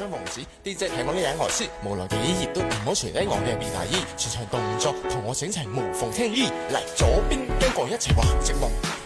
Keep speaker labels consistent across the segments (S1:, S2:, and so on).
S1: 張王子，DJ 睇我呢眼外詩，無論幾熱都唔好除低我嘅皮大衣，全場動作同我整齊無縫聽衣嚟左邊跟我一齊話寂寞。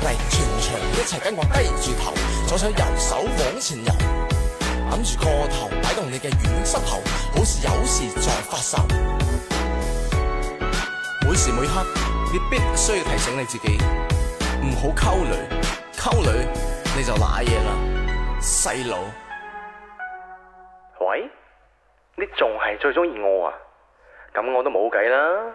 S1: 嚟，全場一齊跟我低住頭，左手右手往前遊，揞住個頭，擺動你嘅軟膝頭，好似有事在發愁。每時每刻，你必須要提醒你自己，唔好溝女，溝女你就瀨嘢啦，細路。喂，你仲係最中意我啊？咁我都冇計啦。